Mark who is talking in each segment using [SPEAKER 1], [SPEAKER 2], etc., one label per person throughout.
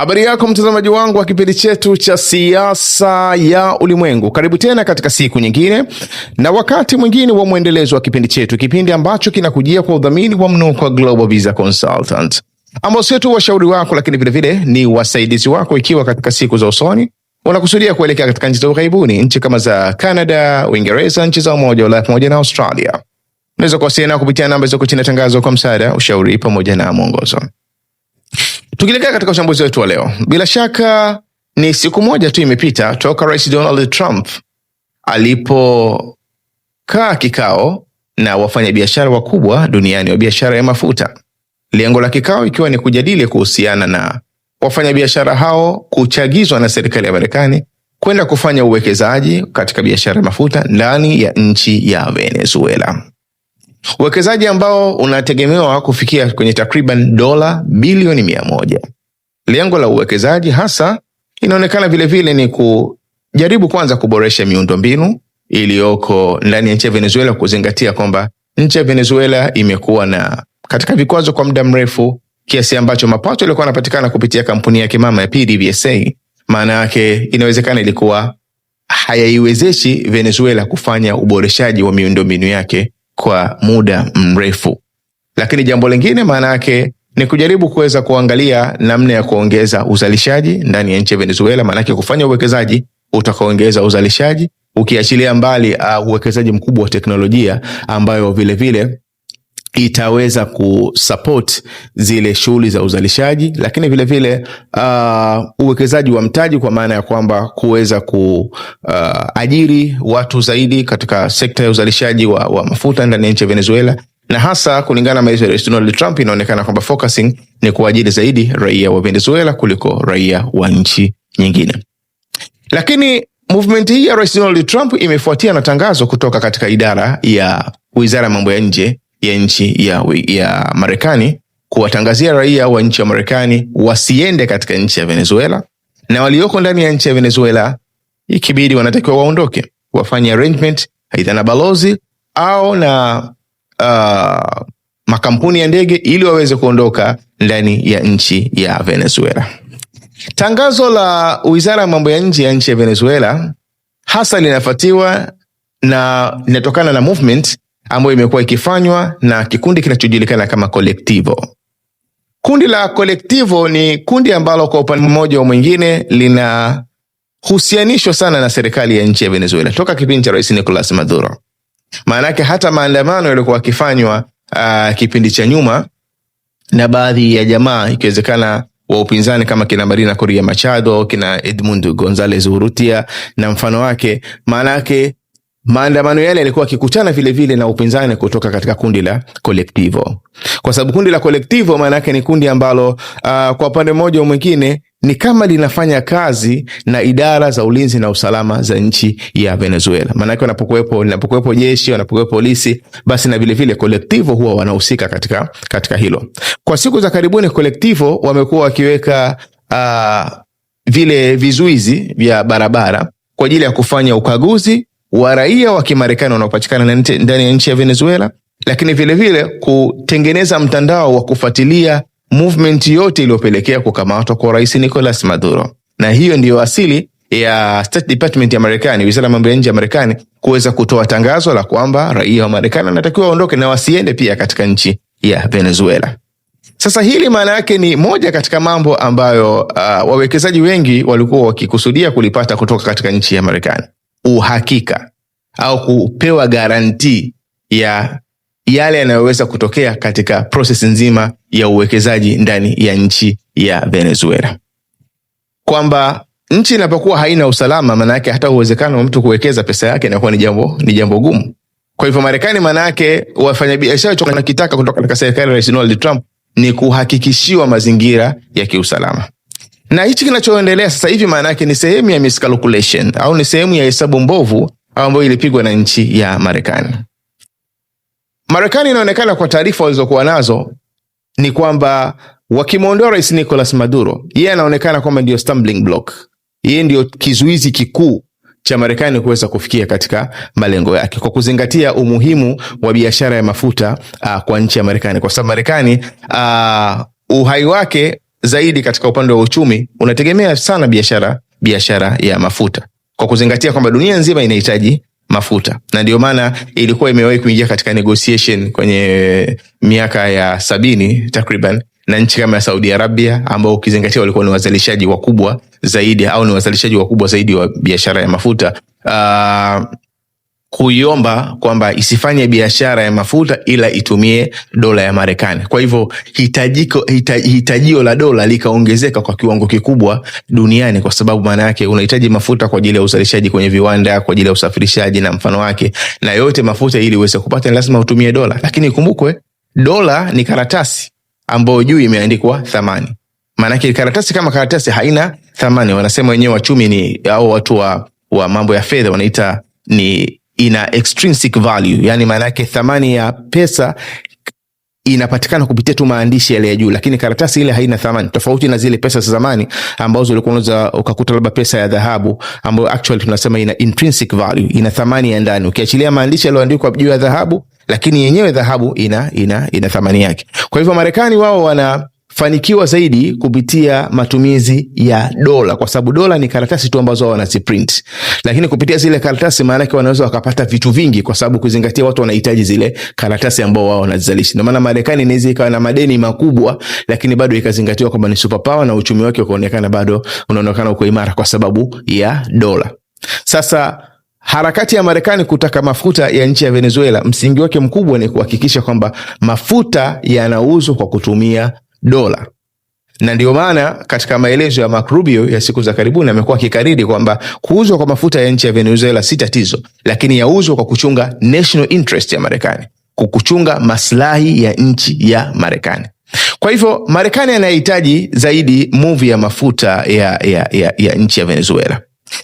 [SPEAKER 1] Habari yako mtazamaji wangu wa kipindi chetu cha siasa ya ulimwengu, karibu tena katika siku nyingine na wakati mwingine wa mwendelezo wa kipindi chetu, kipindi ambacho kinakujia kwa udhamini wa Mnukwa Global Visa Consultant, ambao sio tu washauri wako, lakini vilevile ni wasaidizi wako, ikiwa katika siku za usoni unakusudia kuelekea katika nchi za ughaibuni, nchi kama za Canada, Uingereza, nchi za Umoja wa Ulaya pamoja na Australia. Unaweza kuwasiliana kupitia namba zilizoko chini ya tangazo kwa msaada, ushauri pamoja na mwongozo. Tukielekea katika uchambuzi wetu wa leo, bila shaka ni siku moja tu imepita toka Rais Donald Trump alipokaa kikao na wafanyabiashara wakubwa duniani wa biashara ya mafuta, lengo la kikao ikiwa ni kujadili kuhusiana na wafanyabiashara hao kuchagizwa na serikali ya Marekani kwenda kufanya uwekezaji katika biashara ya mafuta ndani ya nchi ya Venezuela uwekezaji ambao unategemewa kufikia kwenye takriban dola bilioni mia moja. Lengo la uwekezaji hasa inaonekana vilevile ni kujaribu kwanza kuboresha miundombinu iliyoko ndani ya nchi ya Venezuela, kuzingatia kwamba nchi ya Venezuela imekuwa na katika vikwazo kwa muda mrefu kiasi ambacho mapato yalikuwa yanapatikana kupitia kampuni yake mama ya PDVSA, maana yake inawezekana ilikuwa hayaiwezeshi Venezuela kufanya uboreshaji wa miundombinu yake kwa muda mrefu. Lakini jambo lingine maana yake ni kujaribu kuweza kuangalia namna ya kuongeza uzalishaji ndani ya nchi ya Venezuela, maanake kufanya uwekezaji utakaongeza uzalishaji ukiachilia mbali uh, uwekezaji mkubwa wa teknolojia ambayo vilevile itaweza kusupport zile shughuli za uzalishaji, lakini vilevile vile, uh, uwekezaji wa mtaji kwa maana ya kwamba kuweza kuajiri ah, uh, watu zaidi katika sekta ya uzalishaji wa, wa mafuta ndani ya nchi ya Venezuela na hasa kulingana na maelezo ya Rais Donald Trump inaonekana kwamba focusing ni kuajiri zaidi raia wa Venezuela kuliko raia wa nchi nyingine. Lakini movement hii ya Rais Donald Trump imefuatia na tangazo kutoka katika idara ya Wizara ya Mambo ya Nje ya nchi ya, ya Marekani kuwatangazia raia wa nchi ya Marekani wasiende katika nchi ya Venezuela, na walioko ndani ya nchi ya Venezuela ikibidi wanatakiwa waondoke, wafanye arrangement aidha na balozi au na uh, makampuni ya ndege ili waweze kuondoka ndani ya nchi ya Venezuela. Tangazo la Wizara ya Mambo ya Nje ya nchi ya Venezuela hasa linafuatiwa na linatokana na movement ambayo imekuwa ikifanywa na kikundi kinachojulikana kama Kolektivo. Kundi la Kolektivo ni kundi ambalo kwa upande mmoja au mwingine linahusianishwa sana na serikali ya nchi ya Venezuela toka kipindi cha Rais Nicolas Maduro. Maanake hata maandamano yaliokuwa akifanywa uh, ah, kipindi cha nyuma na baadhi ya jamaa ikiwezekana wa upinzani kama kina Marina Correa Machado, kina Edmundo Gonzalez Urrutia na mfano wake, maanake Maandamano yale yalikuwa akikutana vile vile na upinzani kutoka katika kundi la Kolektivo, kwa sababu kundi la Kolektivo maana yake ni kundi ambalo uh, kwa upande mmoja mwingine ni kama linafanya kazi na idara za ulinzi na usalama za nchi ya Venezuela. Maanake wanapokuwepo linapokuwepo jeshi, wanapokuwepo polisi, basi na vilevile Kolektivo huwa wanahusika katika, katika hilo. Kwa siku za karibuni Kolektivo wamekuwa wakiweka uh, vile vizuizi vya barabara kwa ajili ya kufanya ukaguzi wa raia wa Kimarekani wanaopatikana ndani ya nchi ya Venezuela, lakini vilevile vile kutengeneza mtandao wa kufuatilia movement yote iliyopelekea kukamatwa kwa rais Nicolas Maduro, na hiyo ndiyo asili ya State Department ya Marekani, wizara ya mambo ya nje ya Marekani, kuweza kutoa tangazo la kwamba raia wa Marekani wanatakiwa waondoke na wasiende pia katika nchi ya Venezuela. Sasa hili maana yake ni moja katika mambo ambayo uh, wawekezaji wengi walikuwa wakikusudia kulipata kutoka katika nchi ya Marekani uhakika au kupewa garanti ya yale yanayoweza kutokea katika prosesi nzima ya uwekezaji ndani ya nchi ya Venezuela, kwamba nchi inapokuwa haina usalama, maana yake hata uwezekano wa mtu kuwekeza pesa yake inakuwa ni jambo ni jambo gumu. Kwa hivyo Marekani, maana yake wafanyabiashara wanachokitaka kutoka katika serikali ya Rais Donald Trump ni kuhakikishiwa mazingira ya kiusalama na hichi kinachoendelea sasa hivi maana yake ni sehemu ya miscalculation au ni sehemu ya hesabu mbovu ambayo ilipigwa na nchi ya Marekani. Marekani inaonekana kwa taarifa walizokuwa nazo ni kwamba wakimwondoa Rais Nicolas Maduro, yeye anaonekana kwamba ndiyo stumbling block, yeye ndiyo kizuizi kikuu cha Marekani kuweza kufikia katika malengo yake, kwa kuzingatia umuhimu wa biashara ya mafuta uh, kwa nchi ya Marekani, kwa sababu Marekani uh, uhai wake zaidi katika upande wa uchumi unategemea sana biashara biashara ya mafuta, kwa kuzingatia kwamba dunia nzima inahitaji mafuta na ndio maana ilikuwa imewahi kuingia katika negotiation kwenye miaka ya sabini takriban na nchi kama ya Saudi Arabia, ambao ukizingatia walikuwa ni wazalishaji wakubwa zaidi au ni wazalishaji wakubwa zaidi wa biashara ya mafuta uh, kuiomba kwamba isifanye biashara ya mafuta ila itumie dola ya Marekani. Kwa hivyo hitajiko, hita, hitajio la dola likaongezeka kwa kiwango kikubwa duniani, kwa sababu maana yake unahitaji mafuta kwa ajili ya uzalishaji kwenye viwanda, kwa ajili ya usafirishaji na mfano wake, na yote mafuta ili uweze kupata ni lazima utumie dola. Lakini ikumbukwe dola ni karatasi ambayo juu imeandikwa thamani. Maanake karatasi kama karatasi haina thamani. Wanasema wenyewe wachumi ni au watu wa, wa mambo ya fedha wanaita ni ina extrinsic value, yani maana yake thamani ya pesa inapatikana kupitia tu maandishi yale ya juu, lakini karatasi ile haina thamani, tofauti na zile pesa za zamani ambazo ulikuwa unaweza ukakuta labda pesa ya dhahabu ambayo actually tunasema ina intrinsic value, ina thamani ya ndani, ukiachilia maandishi yaliyoandikwa juu ya dhahabu, lakini yenyewe dhahabu ina, ina, ina thamani yake. Kwa hivyo Marekani wao wana fanikiwa zaidi kupitia matumizi ya dola, kwa sababu dola ni karatasi tu ambazo wao wanaziprint, lakini kupitia zile karatasi, maana yake wanaweza wakapata vitu vingi, kwa sababu kuzingatia watu wanahitaji zile karatasi ambao wao wanazalisha. Ndio maana Marekani inaweza ikawa na madeni makubwa, lakini bado ikazingatiwa kwamba ni superpower na uchumi wake ukaonekana bado unaonekana uko imara kwa sababu ya dola. Sasa harakati ya Marekani kutaka mafuta ya nchi ya Venezuela, msingi wake mkubwa ni kuhakikisha kwamba mafuta yanauzwa kwa kutumia dola na ndiyo maana katika maelezo ya Marco Rubio ya siku za karibuni amekuwa akikariri kwamba kuuzwa kwa mafuta ya nchi ya Venezuela si tatizo, lakini yauzwa kwa kuchunga national interest ya Marekani, kukuchunga maslahi ya nchi ya Marekani. Kwa hivyo Marekani anahitaji zaidi muvi ya mafuta ya, ya, ya, ya nchi ya Venezuela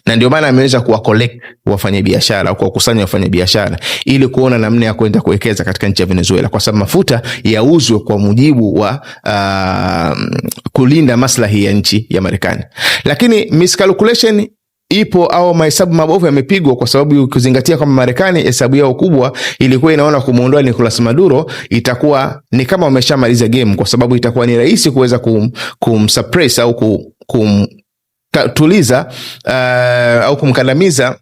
[SPEAKER 1] na ndio maana ameweza kuwa collect wafanyabiashara au wafanya wafanyabiashara ili kuona namna ya kwenda kuwekeza katika nchi ya Venezuela, kwa sababu mafuta yauzwe kwa mujibu wa uh, kulinda maslahi ya nchi ya Marekani. Lakini miscalculation ipo au mahesabu mabovu yamepigwa, kwa sababu ukizingatia kwamba Marekani hesabu yao kubwa ilikuwa inaona kumuondoa Nicolas Maduro itakuwa ni kama wameshamaliza game, kwa sababu itakuwa ni rahisi kuweza kum, kumsuppress au kum, kum kumtuliza uh, au kumkandamiza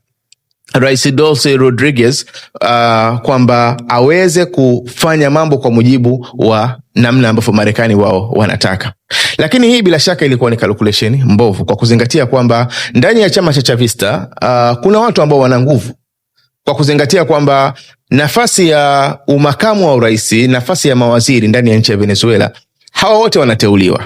[SPEAKER 1] Rais Dolce Rodriguez uh, kwamba aweze kufanya mambo kwa mujibu wa namna ambavyo Marekani wao wanataka. Lakini hii bila shaka ilikuwa ni kalkulesheni mbovu kwa kuzingatia kwamba ndani ya chama cha Chavista uh, kuna watu ambao wana nguvu kwa kuzingatia kwamba nafasi ya umakamu wa uraisi nafasi ya mawaziri ndani ya nchi ya Venezuela hawa wote wanateuliwa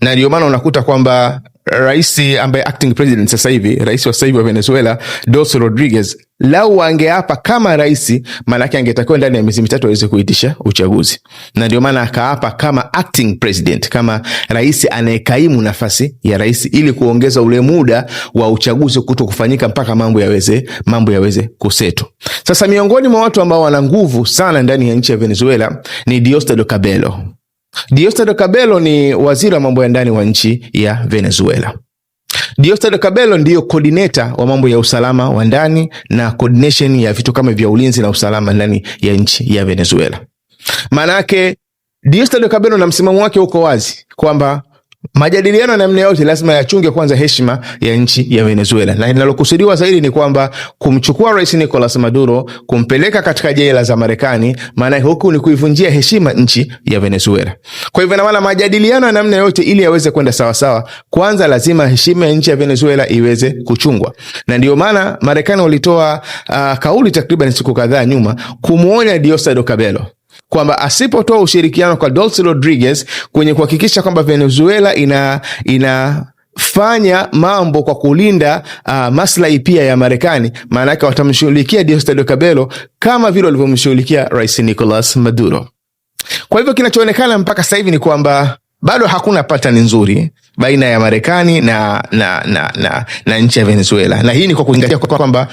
[SPEAKER 1] na ndio maana unakuta kwamba rais ambaye acting president sasa hivi, rais wa sasa hivi wa Venezuela Dos Rodriguez, lau angeapa kama rais, maanake angetakiwa ndani ya miezi mitatu aweze kuitisha uchaguzi, na ndio maana akaapa kama acting president, kama rais anayekaimu nafasi ya rais, ili kuongeza ule muda wa uchaguzi kuto kufanyika mpaka mambo yaweze mambo yaweze kuseto. Sasa miongoni mwa watu ambao wana nguvu sana ndani ya nchi ya Venezuela ni Diosdado Cabello. Diosdado Cabello ni waziri wa mambo ya ndani wa nchi ya Venezuela. Diosdado Cabello ndiyo koordineta wa mambo ya usalama wa ndani na coordination ya vitu kama vya ulinzi na usalama ndani ya nchi ya Venezuela. Maana diosta Diosdado Cabello na msimamo wake uko wazi kwamba Majadiliano ya namna yote lazima yachunge kwanza heshima ya nchi ya Venezuela, na linalokusudiwa zaidi ni kwamba kumchukua rais Nicolas Maduro kumpeleka katika jela za Marekani, maana huku ni kuivunjia heshima nchi ya Venezuela. Kwa hivyo, namana majadiliano ya namna yote ili yaweze kwenda sawasawa, kwanza lazima heshima ya nchi ya Venezuela iweze kuchungwa, na ndiyo maana Marekani walitoa uh, kauli takriban siku kadhaa nyuma kumuonya Diosdado Cabello kwamba asipotoa ushirikiano kwa Dolce Rodriguez kwenye kuhakikisha kwamba Venezuela ina ina fanya mambo kwa kulinda uh, maslahi pia ya Marekani. Maana yake watamshughulikia Diosdado Cabello kama vile walivyomshughulikia Rais Nicolas Maduro. Kwa hivyo kinachoonekana mpaka sasa hivi ni kwamba bado hakuna patani nzuri baina ya Marekani na, na, na, na, na nchi ya Venezuela, na hii ni kwa kuzingatia kwamba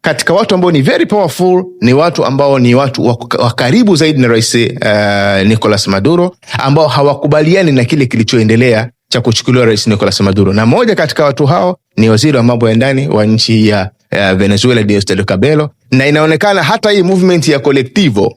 [SPEAKER 1] katika watu ambao ni very powerful ni watu ambao ni watu wa karibu zaidi na rais uh, Nicolas Maduro ambao hawakubaliani na kile kilichoendelea cha kuchukuliwa rais Nicolas Maduro, na moja katika watu hao ni waziri wa mambo ya ndani wa nchi ya uh, Venezuela Diosdado Cabello, na inaonekana hata hii movement ya Colectivo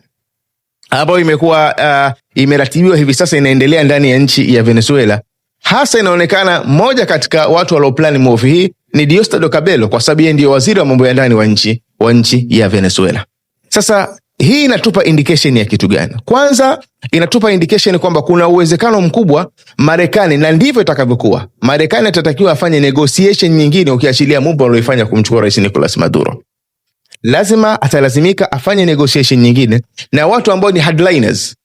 [SPEAKER 1] ambayo imekuwa uh, imeratibiwa hivi sasa inaendelea ndani ya nchi ya Venezuela, hasa inaonekana moja katika watu walioplani move hii ni Diosdado Cabello kwa sababu yeye ndiyo waziri wa mambo ya ndani wa nchi wa nchi ya Venezuela. Sasa hii inatupa indication ya kitu gani? Kwanza inatupa indication kwamba kuna uwezekano mkubwa Marekani, na ndivyo itakavyokuwa, Marekani atatakiwa afanye negotiation nyingine, ukiachilia mumba unaoifanya kumchukua Rais Nicolas Maduro. Lazima atalazimika afanye negotiation nyingine na watu ambao ni hardliners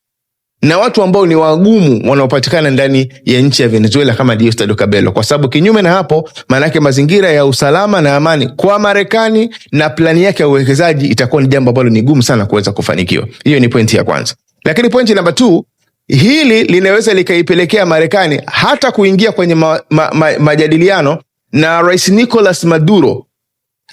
[SPEAKER 1] na watu ambao ni wagumu wanaopatikana ndani ya nchi ya Venezuela kama Diosdado Cabello, kwa sababu kinyume na hapo, maanake mazingira ya usalama na amani kwa Marekani na plani yake ya uwekezaji itakuwa ni jambo ambalo ni gumu sana kuweza kufanikiwa. Hiyo ni pointi ya kwanza, lakini pointi namba mbili hili linaweza likaipelekea Marekani hata kuingia kwenye ma, ma, ma, majadiliano na Rais Nicolas Maduro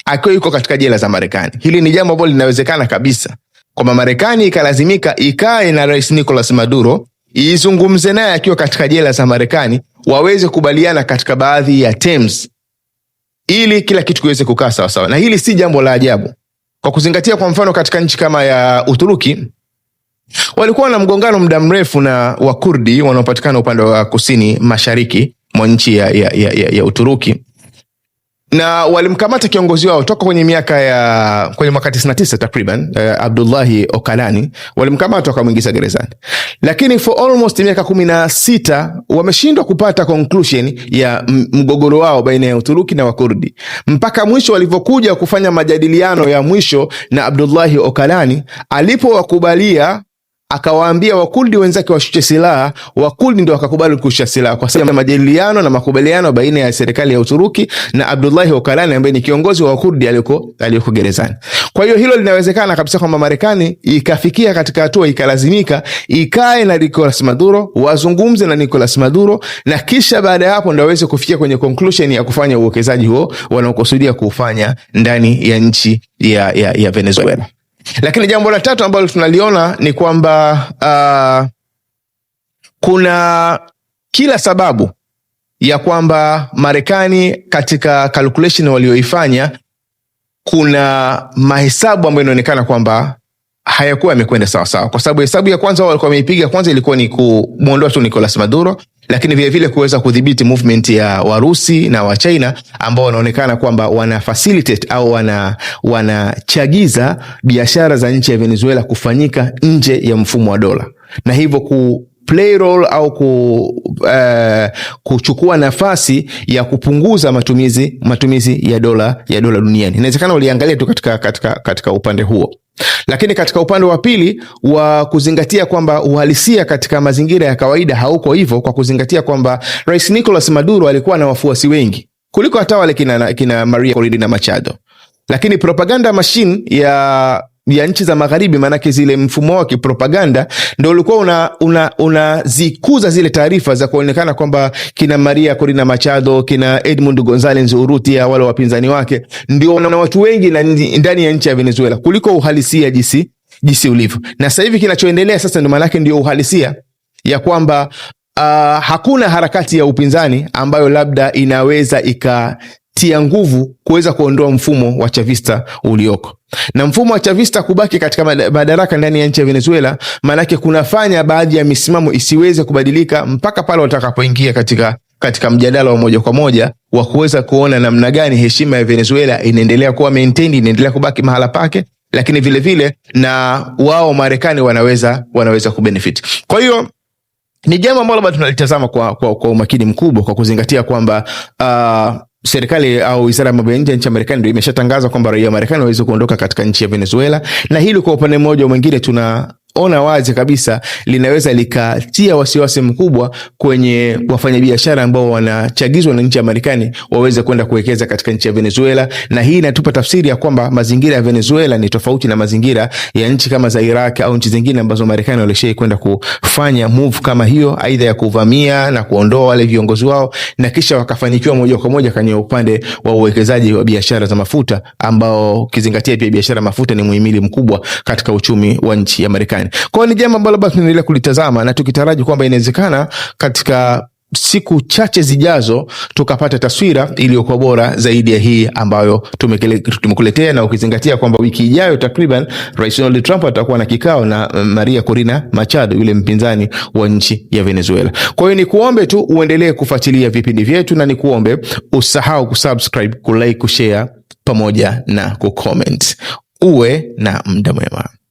[SPEAKER 1] akiwa yuko katika jela za Marekani. Hili ni jambo ambalo linawezekana kabisa kwamba Marekani ikalazimika ikae na Rais Nicolas Maduro izungumze naye akiwa katika jela za Marekani, waweze kubaliana katika baadhi ya terms ili kila kitu kiweze kukaa sawasawa. Na hili si jambo la ajabu kwa kuzingatia, kwa mfano katika nchi kama ya Uturuki walikuwa na mgongano muda mrefu na Wakurdi wanaopatikana upande wa kusini mashariki mwa nchi ya, ya, ya, ya Uturuki na walimkamata kiongozi wao toka kwenye miaka ya kwenye mwaka 99 takriban, uh, Abdullahi Okalani walimkamata wakamwingiza gerezani, lakini for almost miaka kumi na sita wameshindwa kupata conclusion ya mgogoro wao baina ya Uturuki na Wakurdi mpaka mwisho walivyokuja kufanya majadiliano ya mwisho na Abdullahi Okalani alipowakubalia akawaambia wakuldi wenzake washushe silaha. Wakuldi ndo wakakubali kushusha silaha kwa sababu ya majadiliano na makubaliano baina ya serikali ya Uturuki na Abdullahi Okalani ambaye ni kiongozi wa Wakurdi aliyoko aliyoko gerezani. Kwa hiyo hilo linawezekana kabisa kwamba Marekani ikafikia katika hatua ikalazimika ikae na Nicolas Maduro, wazungumze na Nicolas Maduro, na kisha baada ya hapo ndo aweze kufikia kwenye conclusion ya kufanya uwekezaji huo wanaokusudia kuufanya ndani ya nchi ya, ya, ya Venezuela. Lakini jambo la tatu ambalo tunaliona ni kwamba uh, kuna kila sababu ya kwamba Marekani katika calculation walioifanya kuna mahesabu ambayo inaonekana kwamba hayakuwa yamekwenda sawasawa, kwa sababu hesabu ya kwanza walikuwa wameipiga kwanza ilikuwa ni kumwondoa tu Nicolas Maduro, lakini vilevile kuweza kudhibiti movement ya Warusi na Wachina ambao wanaonekana kwamba wana facilitate au wana wanachagiza biashara za nchi ya Venezuela kufanyika nje ya mfumo wa dola na hivyo ku play role au ku, uh, kuchukua nafasi ya kupunguza matumizi matumizi ya dola ya dola duniani. Inawezekana uliangalia tu katika, katika, katika upande huo, lakini katika upande wa pili wa kuzingatia kwamba uhalisia katika mazingira ya kawaida hauko hivyo, kwa kuzingatia kwamba Rais Nicolas Maduro alikuwa na wafuasi wengi kuliko hata wale kina, kina Maria Corina Machado, lakini propaganda machine ya ya nchi za magharibi, maanake zile mfumo wa kipropaganda ndo ulikuwa unazikuza una, una zile taarifa za kuonekana kwamba kina Maria Corina Machado kina Edmund Gonzalez Urrutia wale wapinzani wake ndio na watu wengi ndani ya nchi ya Venezuela kuliko uhalisia jisi, jisi ulivyo. Na sasa hivi kinachoendelea sasa ndo maanake ndio uhalisia ya kwamba uh, hakuna harakati ya upinzani ambayo labda inaweza ika tia nguvu kuweza kuondoa mfumo wa chavista ulioko na mfumo wa chavista kubaki katika madaraka ndani ya nchi ya Venezuela, maanake kunafanya baadhi ya misimamo isiweze kubadilika mpaka pale watakapoingia katika, katika mjadala wa moja kwa moja wa kuweza kuona namna gani heshima ya Venezuela inaendelea kuwa maintained, inaendelea kubaki mahala pake, lakini vilevile vile, na wao Marekani wanaweza, wanaweza kubenefit. Kwa hiyo ni jambo ambalo bado tunalitazama kwa, kwa, kwa umakini mkubwa kwa kuzingatia kwamba uh, serikali au wizara ya mambo ya nje ya nchi ya Marekani ndio imeshatangaza kwamba raia wa Marekani waweze kuondoka katika nchi ya Venezuela, na hili kwa upande mmoja au mwingine tuna ona wazi kabisa linaweza likatia wasiwasi mkubwa kwenye wafanyabiashara ambao wanachagizwa na nchi ya Marekani waweze kwenda kuwekeza katika nchi ya Venezuela, na hii inatupa tafsiri ya kwamba mazingira ya Venezuela ni tofauti na mazingira ya nchi kama za Iraq au nchi zingine ambazo Marekani walishai kwenda kufanya move kama hiyo, aidha ya kuvamia na kuondoa wale viongozi wao na kisha wakafanikiwa moja kwa moja kwenye upande wa uwekezaji wa biashara za mafuta, ambao ukizingatia pia biashara mafuta ni muhimili mkubwa katika uchumi wa nchi ya Marekani gani. Kwa hiyo ni jambo ambalo basi tunaendelea kulitazama na tukitaraji kwamba inawezekana katika siku chache zijazo tukapata taswira iliyokuwa bora zaidi ya hii ambayo tumekuletea, na ukizingatia kwamba wiki ijayo takriban Rais Donald Trump atakuwa na kikao na Maria Corina Machado, yule mpinzani wa nchi ya Venezuela. Kwa hiyo ni kuombe tu uendelee kufuatilia vipindi vyetu na ni kuombe usahau kusubscribe, kulike, kushare pamoja na kucomment. Uwe na mda mwema.